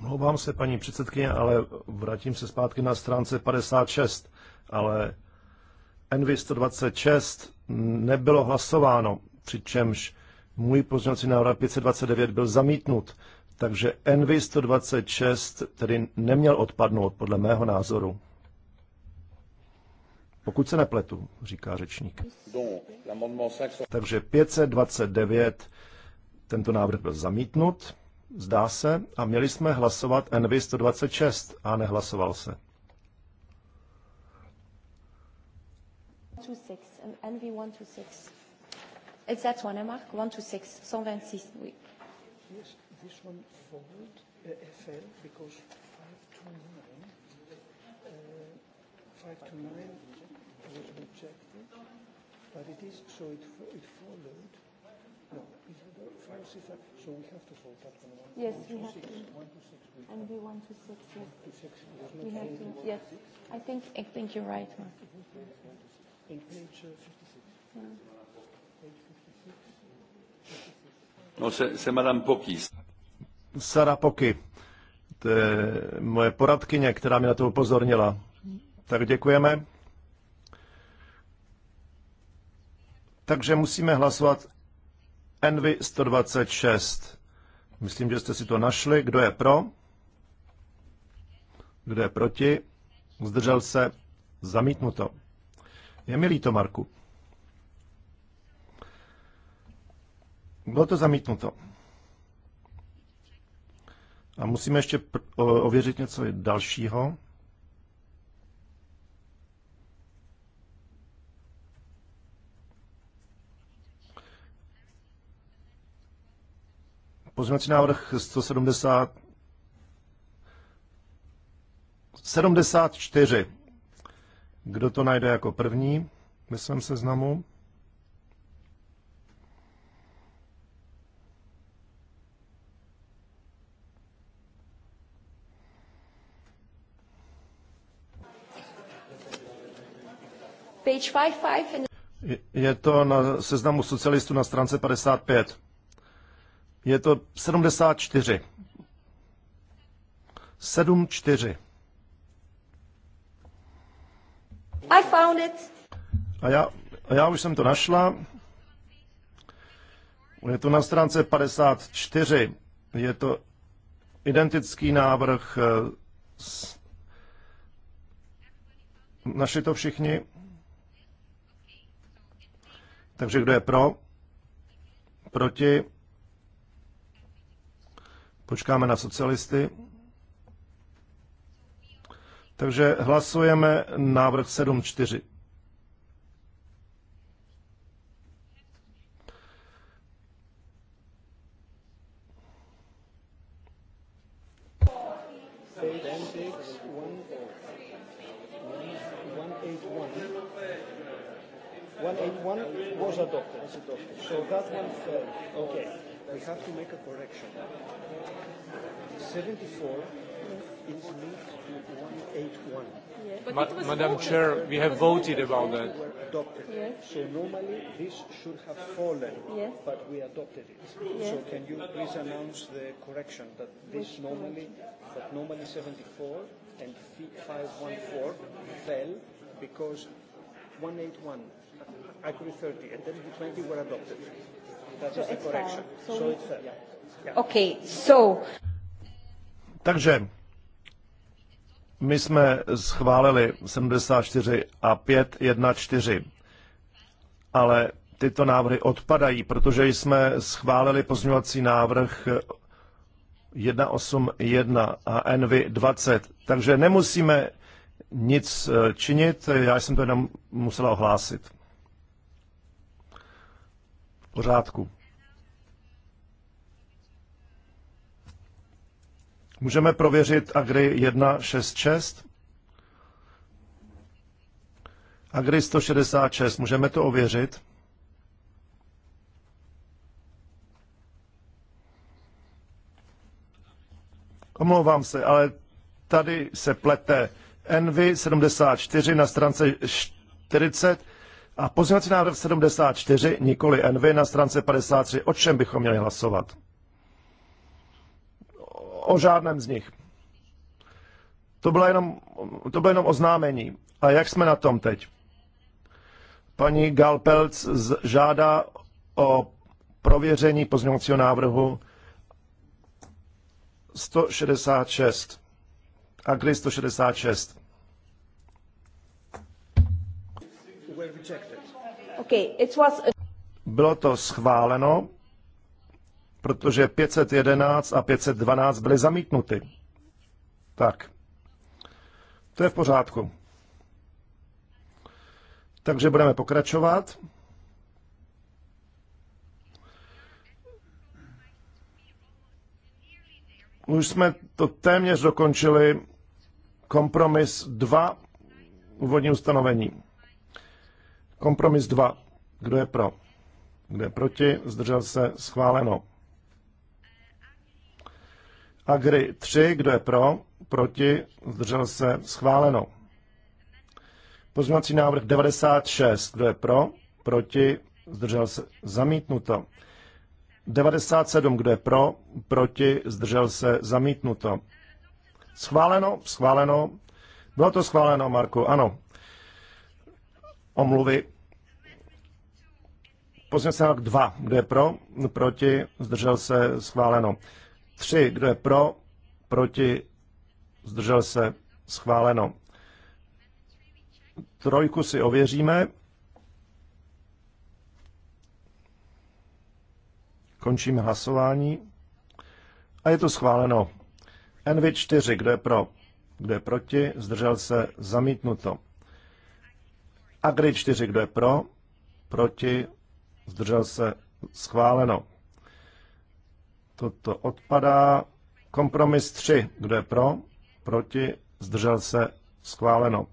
Mlouvám se, paní předsedkyně, ale vrátím se zpátky na stránce 56, ale NV 126 nebylo hlasováno, přičemž můj pozměňovací návrh 529 byl zamítnut, takže NV 126 tedy neměl odpadnout podle mého názoru. Pokud se nepletu, říká řečník. Takže 529, tento návrh byl zamítnut, zdá se, a měli jsme hlasovat NV 126 a nehlasoval se. Exact uh, because 529, uh, 529 was rejected. But it is, so it, it followed. No, it follows it, so we have to vote that one. Yes, one we have six, to. One to six, we and we want to six, yes. One to six, we have to, yes. six. I think, I think you're right, Mark. Mm -hmm. In page uh, 56. Yeah. Page 56. 56. No, c'est Madame Pokis. Sara Poky, to je moje poradkyně, která mě na to upozornila. Tak děkujeme. Takže musíme hlasovat Envy 126. Myslím, že jste si to našli. Kdo je pro? Kdo je proti? Zdržel se? Zamítnuto. Je mi líto, Marku. Bylo to zamítnuto. A musíme ještě ověřit něco dalšího. Pozměňovací návrh 170 74. Kdo to najde jako první ve svém seznamu? Je to na seznamu socialistů na stránce 55. Je to 74. 74. I found it. A já, a já už jsem to našla. Je to na stránce 54. Je to identický návrh. Eh, s... Našli to všichni? Takže kdo je pro? Proti? Počkáme na socialisty. Takže hlasujeme návrh 7.4. Ma Madam Chair, we have voted about that. Adopted. Yes. So normally this should have fallen, yes. but we adopted it. Yes. So can you please announce the correction that this Which normally, correction? that normally 74 and 514 fell because 181, accurate 30, and then the 20 were adopted. That so is the correction. So, so it fell. Yeah. Yeah. Okay, so. Takže my jsme schválili 74 a 514, ale tyto návrhy odpadají, protože jsme schválili pozměňovací návrh 181 a NV 20, takže nemusíme nic eh, činit, já jsem to jenom musela ohlásit. V pořádku. Můžeme prověřit Agri 166? Agri 166, můžeme to ověřit? Omlouvám se, ale tady se plete Envy 74 na stránce 40 a pozměňovací návrh 74, nikoli Envy na stránce 53. O čem bychom měli hlasovat? o žádném z nich. To bylo jenom, to bylo jenom oznámení. A jak jsme na tom teď? Paní Galpelc žádá o prověření pozměňovacího návrhu 166. Agri 166. Bylo to schváleno, protože 511 a 512 byly zamítnuty. Tak, to je v pořádku. Takže budeme pokračovat. Už jsme to téměř dokončili. Kompromis 2, úvodní ustanovení. Kompromis 2. Kdo je pro? Kdo je proti? Zdržel se? Schváleno. Agri 3, kdo je pro, proti, zdržel se, schváleno. Pozměňovací návrh 96, kdo je pro, proti, zdržel se, zamítnuto. 97, kdo je pro, proti, zdržel se, zamítnuto. Schváleno, schváleno. Bylo to schváleno, Marku, ano. Omluvy. Pozměňovací návrh 2, kdo je pro, proti, zdržel se, schváleno. 3. Kdo je pro? Proti? Zdržel se? Schváleno. Trojku si ověříme. Končím hlasování. A je to schváleno. NV 4, kdo je pro? Kdo je proti? Zdržel se? Zamítnuto. Agri 4, kdo je pro? Proti? Zdržel se? Schváleno. Toto odpadá. Kompromis 3. Kdo je pro? Proti? Zdržel se? Schváleno.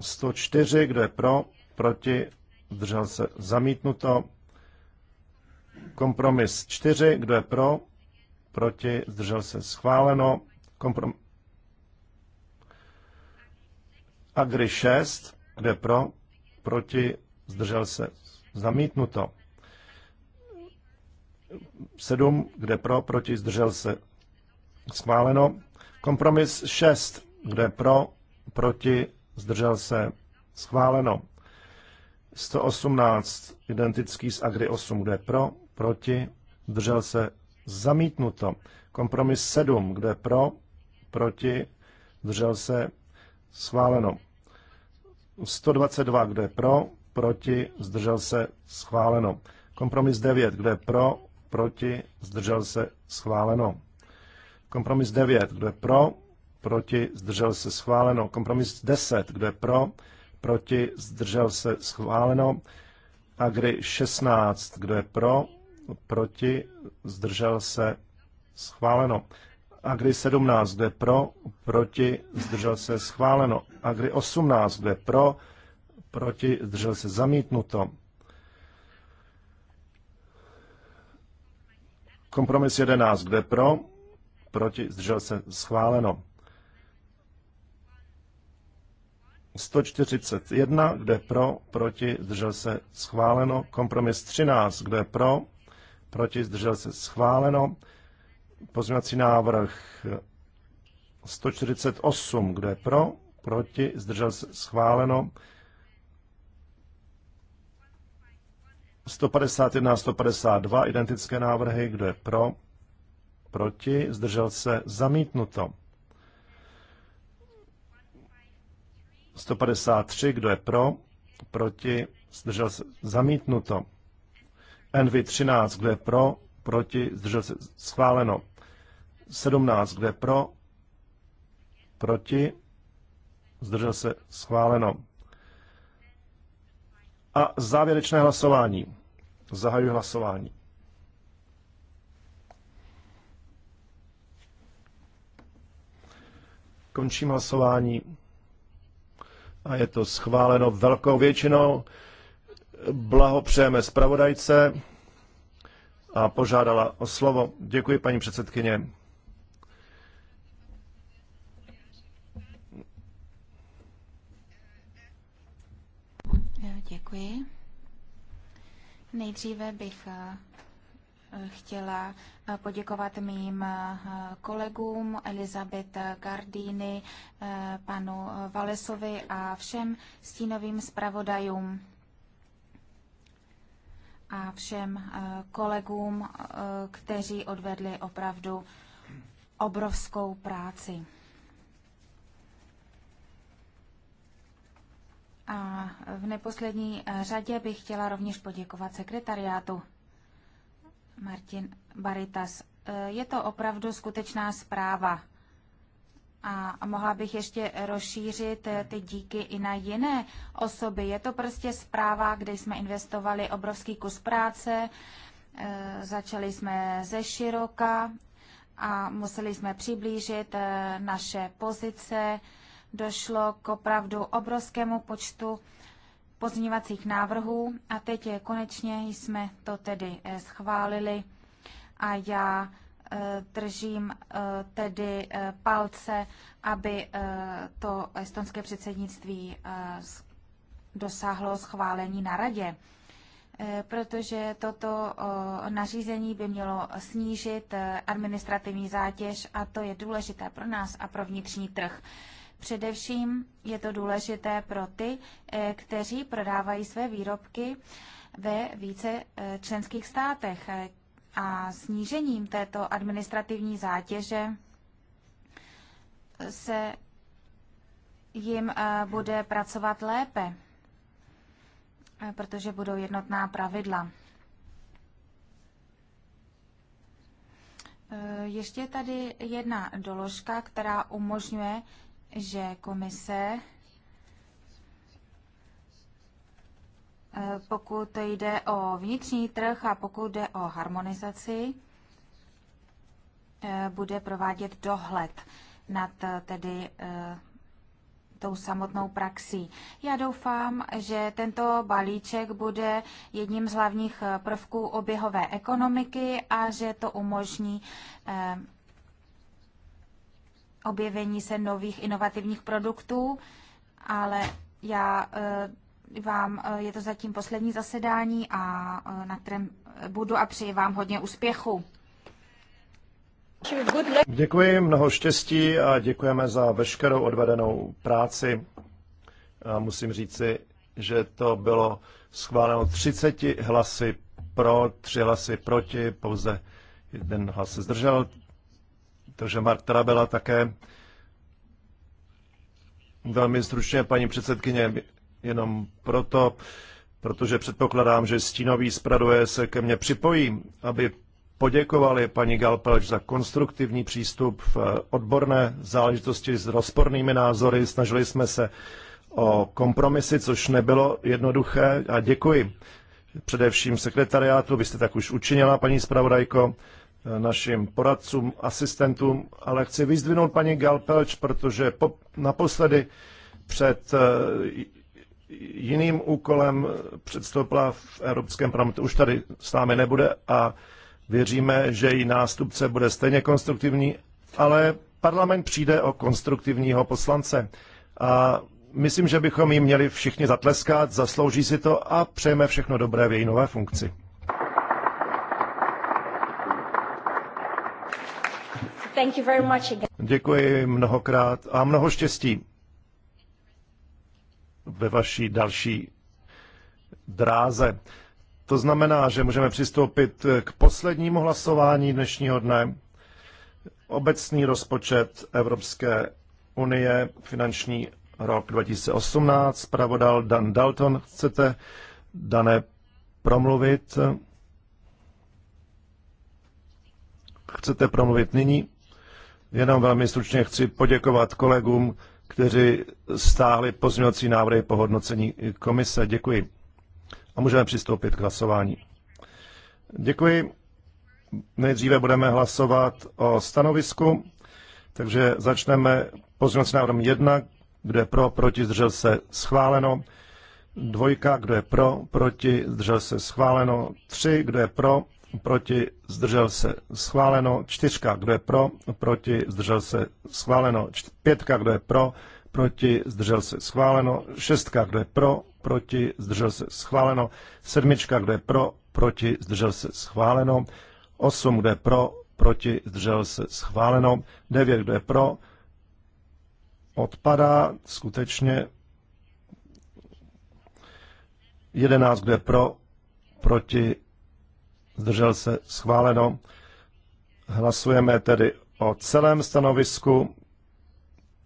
104. Kdo je pro? Proti? Zdržel se? Zamítnuto. Kompromis 4. Kdo je pro? Proti? Zdržel se? Schváleno. Komprom... Agri 6. Kdo je pro? Proti? Zdržel se? Zamítnuto. 7, kde pro, proti, zdržel se. Schváleno. Kompromis 6, kde pro, proti, zdržel se. Schváleno. 118, identický s Agri 8, kde pro, proti, zdržel se. Zamítnuto. Kompromis 7, kde pro, proti, zdržel se. Schváleno. 122, kde pro, proti, zdržel se. Schváleno. Kompromis 9, kde pro, proti, zdržel se, schváleno. Kompromis 9, kdo je pro, proti, zdržel se, schváleno. Kompromis 10, kdo je pro, proti, zdržel se, schváleno. Agri 16, kdo je pro, proti, zdržel se, schváleno. Agri 17, kdo je pro, proti, zdržel se, schváleno. Agri 18, kdo je pro, proti, zdržel se, zamítnuto. Kompromis 11, kde pro, proti, zdržel se, schváleno. 141, kde pro, proti, zdržel se, schváleno. Kompromis 13, kde pro, proti, zdržel se, schváleno. Pozměňovací návrh 148, kde pro, proti, zdržel se, schváleno. 151 a 152 identické návrhy, kdo je pro, proti, zdržel se, zamítnuto. 153, kdo je pro, proti, zdržel se, zamítnuto. NV13, kdo je pro, proti, zdržel se, schváleno. 17, kdo je pro, proti, zdržel se, schváleno. A závěrečné hlasování. Zahajuji hlasování. Končím hlasování. A je to schváleno velkou většinou. Blahopřejeme zpravodajce a požádala o slovo. Děkuji, paní předsedkyně. Děkuji. Nejdříve bych eh, chtěla eh, poděkovat mým eh, kolegům Elizabet Gardini, panu Valesovi a všem stínovým zpravodajům a všem kolegům, kteří odvedli opravdu obrovskou práci. A v neposlední eh, řadě bych chtěla rovněž poděkovat sekretariátu Martin Baritas. Eh, je to opravdu skutečná zpráva. A mohla bych ještě rozšířit eh, ty díky i na jiné osoby. Je to prostě zpráva, kde jsme investovali obrovský kus práce, začali jsme ze široka a museli jsme přiblížit naše pozice, došlo k opravdu obrovskému počtu pozměňovacích návrhů a teď je konečně jsme to tedy eh, schválili a já eh, držím eh, tedy palce, aby to estonské předsednictví dosáhlo schválení na radě, protože toto nařízení by mělo snížit administrativní zátěž a to je důležité pro nás a pro vnitřní trh. Především je to důležité pro ty, eh, kteří prodávají své výrobky ve více eh, členských státech. Eh, a snížením této administrativní zátěže se jim bude pracovat lépe, protože budou jednotná pravidla. Ještě tady jedna doložka, která umožňuje že komise, eh, pokud jde o vnitřní trh a pokud jde o harmonizaci, eh, bude provádět dohled nad eh, tedy tou samotnou praxí. Já doufám, že tento balíček bude jedním z hlavních prvků oběhové ekonomiky a že to umožní objevení se nových inovativních produktů, ale já eh, vám, eh, je to zatím poslední zasedání, a eh, na kterém budu a přeji vám hodně úspěchu. Děkuji, mnoho štěstí a děkujeme za veškerou odvedenou práci. A musím říci, že to bylo schváleno 30 hlasy pro, 3 hlasy proti, pouze jeden hlas se zdržel, takže Marta byla také. Velmi stručně, paní předsedkyně, jenom proto, protože předpokládám, že stínový zpradoje se ke mně připojí, aby poděkovali paní Galpelč za konstruktivní přístup v odborné záležitosti s rozpornými názory. Snažili jsme se o kompromisy, což nebylo jednoduché a děkuji především sekretariátu, vy jste tak už učinila, paní zpravodajko, našim poradcům, asistentům, ale chci vyzdvinout paní Galpelč, protože po, naposledy před eh, jiným úkolem předstoupila v Evropském parlamentu. Už tady s námi nebude a věříme, že její nástupce bude stejně konstruktivní, ale parlament přijde o konstruktivního poslance. A myslím, že bychom jí měli všichni zatleskat, zaslouží si to a přejeme všechno dobré v její nové funkci. Thank you very much again. Děkuji mnohokrát a mnoho štěstí ve vaší další dráze. To znamená, že můžeme přistoupit k poslednímu hlasování dnešního dne. Obecný rozpočet Evropské unie, finanční rok 2018, pravodal Dan Dalton. Chcete, Dané, promluvit? Chcete promluvit nyní? Jenom velmi stručně chci poděkovat kolegům, kteří stáhli pozměňovací návrhy po hodnocení komise. Děkuji. A můžeme přistoupit k hlasování. Děkuji. Nejdříve budeme hlasovat o stanovisku, takže začneme pozměňovacím návrhem 1, kdo je pro, proti, zdržel se, schváleno. Dvojka, kdo je pro, proti, zdržel se, schváleno. Tři, kdo je pro, proti, zdržel se, schváleno, čtyřka, kdo je pro, proti, zdržel se, schváleno, pětka, kdo je pro, proti, zdržel se, schváleno, šestka, kdo je pro, proti, zdržel se, schváleno, sedmička, kdo je pro, proti, zdržel se, schváleno, osm, kdo je pro, proti, zdržel se, schváleno, devět, kdo je pro, odpadá, skutečně, jedenáct, kdo je pro, proti, zdržel se schváleno. Hlasujeme tedy o celém stanovisku.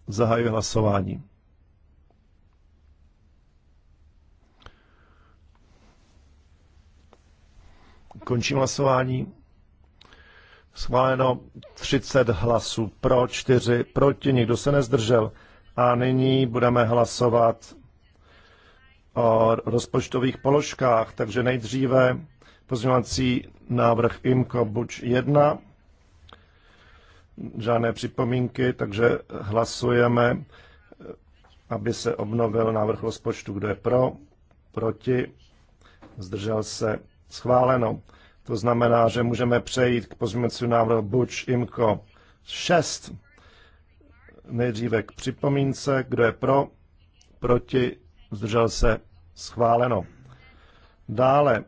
Zahajuji hlasování. Končím hlasování. Schváleno 30 hlasů pro, 4 proti, nikdo se nezdržel. A nyní budeme hlasovat o rozpočtových položkách, takže nejdříve Pozměňovací návrh IMCO buď 1, žádné připomínky, takže hlasujeme, aby se obnovil návrh rozpočtu, kdo je pro, proti, zdržel se schváleno. To znamená, že můžeme přejít k pozměňovacímu návrhu buď IMCO 6, nejdříve k připomínce, kdo je pro, proti, zdržel se schváleno. Dále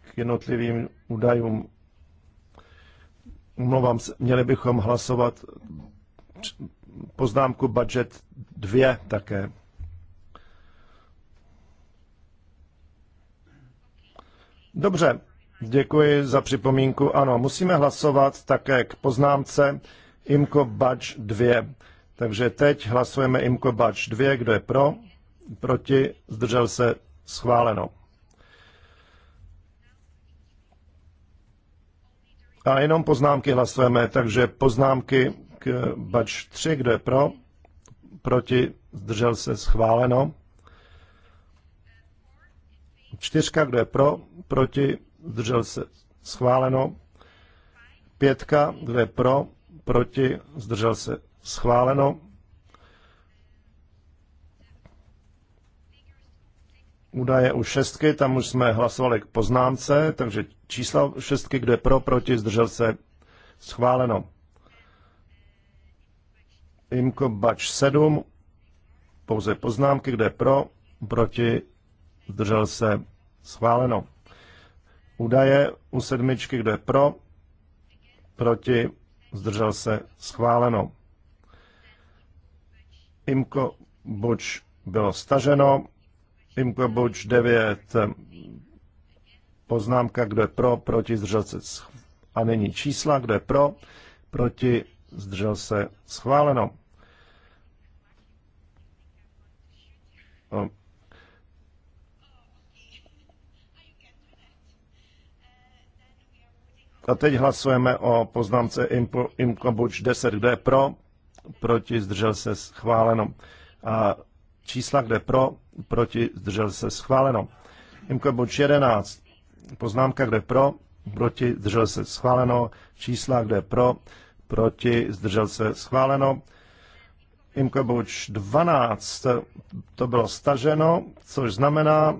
k jednotlivým údajům. Umlouvám se, měli bychom hlasovat poznámku budget 2 také. Dobře, děkuji za připomínku. Ano, musíme hlasovat také k poznámce IMCO Budge 2. Takže teď hlasujeme IMCO Budge 2. Kdo je pro? Proti? Zdržel se? Schváleno. A jenom poznámky hlasujeme, takže poznámky k bač 3, kde pro, proti, zdržel se schváleno. Čtyřka, kdo je pro, proti, zdržel se schváleno. Pětka, kdo je pro, proti, zdržel se schváleno. Údaje u šestky, tam už jsme hlasovali k poznámce, takže Číslo šestky, kdo je pro, proti, zdržel se, schváleno. Imko Bač 7, pouze poznámky, kde je pro, proti, zdržel se, schváleno. Údaje u sedmičky, kde je pro, proti, zdržel se, schváleno. Imko Boč bylo staženo, Imko Boč 9 poznámka, kdo je pro, proti, zdržel se. A není čísla, kdo je pro, proti, zdržel se. Schváleno. No. A teď hlasujeme o poznámce Imkobuč 10, kde je pro, proti, zdržel se schváleno. A čísla, kde je pro, proti, zdržel se schváleno. Imkobuč 11, Poznámka, kde pro, proti, zdržel se schváleno. Čísla, kde pro, proti, zdržel se schváleno. Imko Buč 12, to bylo staženo, což znamená,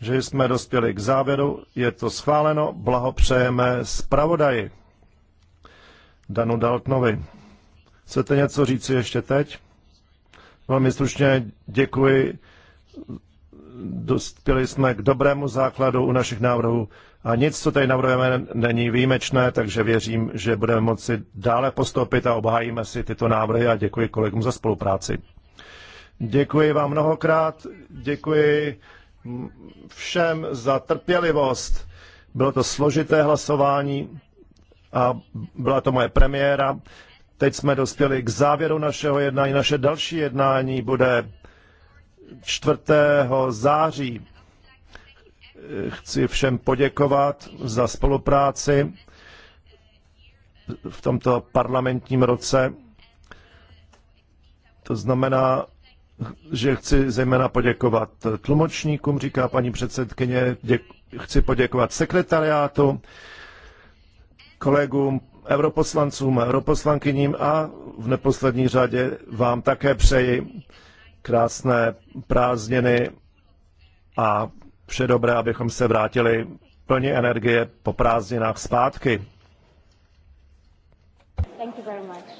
že jsme dospěli k závěru, je to schváleno, blahopřejeme zpravodaji Danu Daltnovi. Chcete něco říci ještě teď? Velmi stručně děkuji dospěli jsme k dobrému základu u našich návrhů a nic, co tady navrhujeme, není výjimečné, takže věřím, že budeme moci dále postoupit a obhájíme si tyto návrhy a děkuji kolegům za spolupráci. Děkuji vám mnohokrát, děkuji všem za trpělivost. Bylo to složité hlasování a byla to moje premiéra. Teď jsme dospěli k závěru našeho jednání. Naše další jednání bude 4. září. Chci všem poděkovat za spolupráci v tomto parlamentním roce. To znamená, že chci zejména poděkovat tlumočníkům, říká paní předsedkyně, chci poděkovat sekretariátu, kolegům, europoslancům, europoslankyním a v neposlední řadě vám také přeji krásné prázdniny a vše dobré, abychom se vrátili plně energie po prázdninách zpátky. Thank you very much.